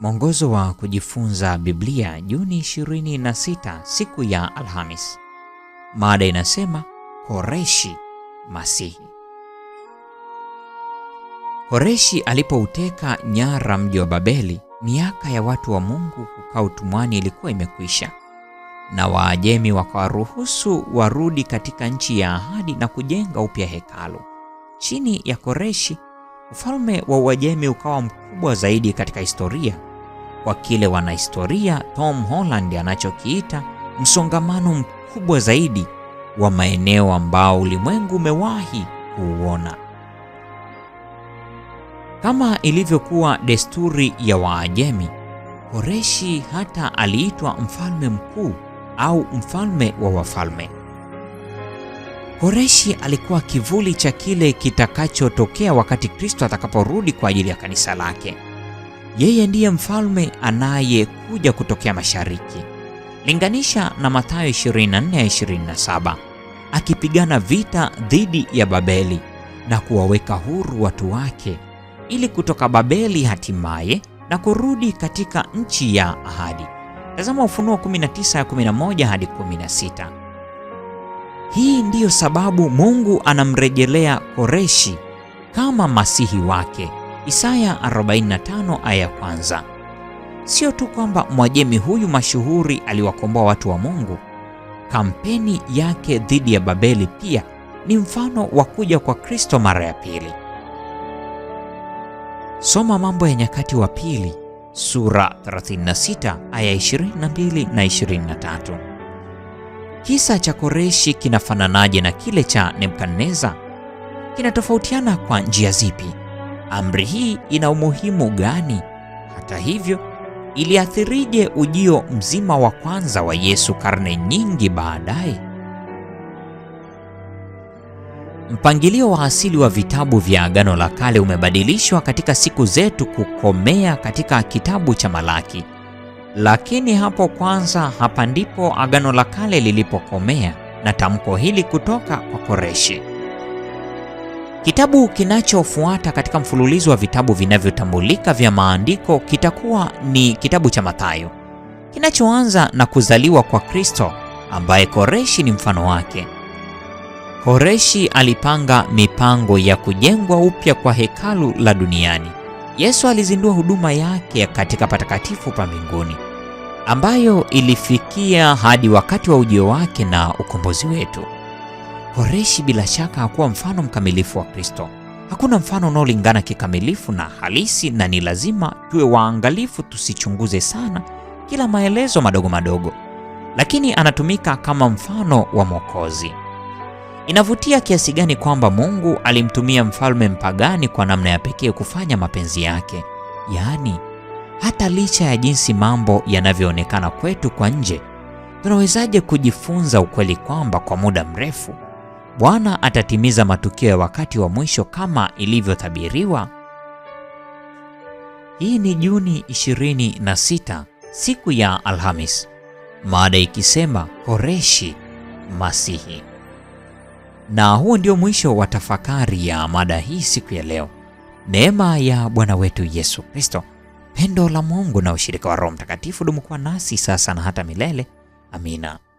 Mwongozo wa kujifunza Biblia Juni 26 siku ya Alhamis. Mada inasema Koreshi Masihi. Koreshi alipouteka nyara mji wa Babeli, miaka ya watu wa Mungu kukaa utumwani ilikuwa imekwisha, na Waajemi wakawaruhusu warudi katika nchi ya ahadi na kujenga upya hekalu. Chini ya Koreshi, ufalme wa Uajemi ukawa mkubwa zaidi katika historia kwa kile wanahistoria Tom Holland anachokiita msongamano mkubwa zaidi wa maeneo ambao ulimwengu umewahi kuuona. Kama ilivyokuwa desturi ya Waajemi, Koreshi hata aliitwa mfalme mkuu au mfalme wa wafalme. Koreshi alikuwa kivuli cha kile kitakachotokea wakati Kristo atakaporudi kwa ajili ya kanisa lake yeye ndiye mfalme anayekuja kutokea mashariki. Linganisha na Mathayo 24:27 akipigana vita dhidi ya Babeli na kuwaweka huru watu wake ili kutoka Babeli hatimaye na kurudi katika nchi ya ahadi. Tazama Ufunuo 19:11 hadi 16. Hii ndiyo sababu Mungu anamrejelea Koreshi kama masihi wake Isaya 45 aya kwanza. Sio tu kwamba Mwajemi huyu mashuhuri aliwakomboa watu wa Mungu, kampeni yake dhidi ya Babeli pia ni mfano wa kuja kwa Kristo mara ya pili. Soma Mambo ya Nyakati wa Pili sura 36 aya 22 na 23. Kisa cha Koreshi kinafananaje na kile cha Nebukadneza? Kinatofautiana kwa njia zipi? amri hii ina umuhimu gani? Hata hivyo, iliathirije ujio mzima wa kwanza wa Yesu karne nyingi baadaye? Mpangilio wa asili wa vitabu vya Agano la Kale umebadilishwa katika siku zetu kukomea katika kitabu cha Malaki. Lakini hapo kwanza, hapa ndipo Agano la Kale lilipokomea na tamko hili kutoka kwa Koreshi. Kitabu kinachofuata katika mfululizo wa vitabu vinavyotambulika vya maandiko kitakuwa ni kitabu cha Mathayo kinachoanza na kuzaliwa kwa Kristo ambaye Koreshi ni mfano wake. Koreshi alipanga mipango ya kujengwa upya kwa hekalu la duniani. Yesu alizindua huduma yake katika patakatifu pa mbinguni ambayo ilifikia hadi wakati wa ujio wake na ukombozi wetu. Horeshi bila shaka hakuwa mfano mkamilifu wa Kristo. Hakuna mfano unaolingana kikamilifu na halisi, na ni lazima tuwe waangalifu tusichunguze sana kila maelezo madogo madogo, lakini anatumika kama mfano wa Mwokozi. Inavutia kiasi gani kwamba Mungu alimtumia mfalme mpagani kwa namna ya pekee kufanya mapenzi yake, yaani hata licha ya jinsi mambo yanavyoonekana kwetu kwa nje, tunawezaje kujifunza ukweli kwamba kwa muda mrefu Bwana atatimiza matukio ya wakati wa mwisho kama ilivyotabiriwa. Hii ni Juni 26, siku ya Alhamis, mada ikisema Koreshi Masihi, na huo ndio mwisho wa tafakari ya mada hii siku ya leo. Neema ya Bwana wetu Yesu Kristo, pendo la Mungu na ushirika wa Roho Mtakatifu dumu kuwa nasi sasa na hata milele. Amina.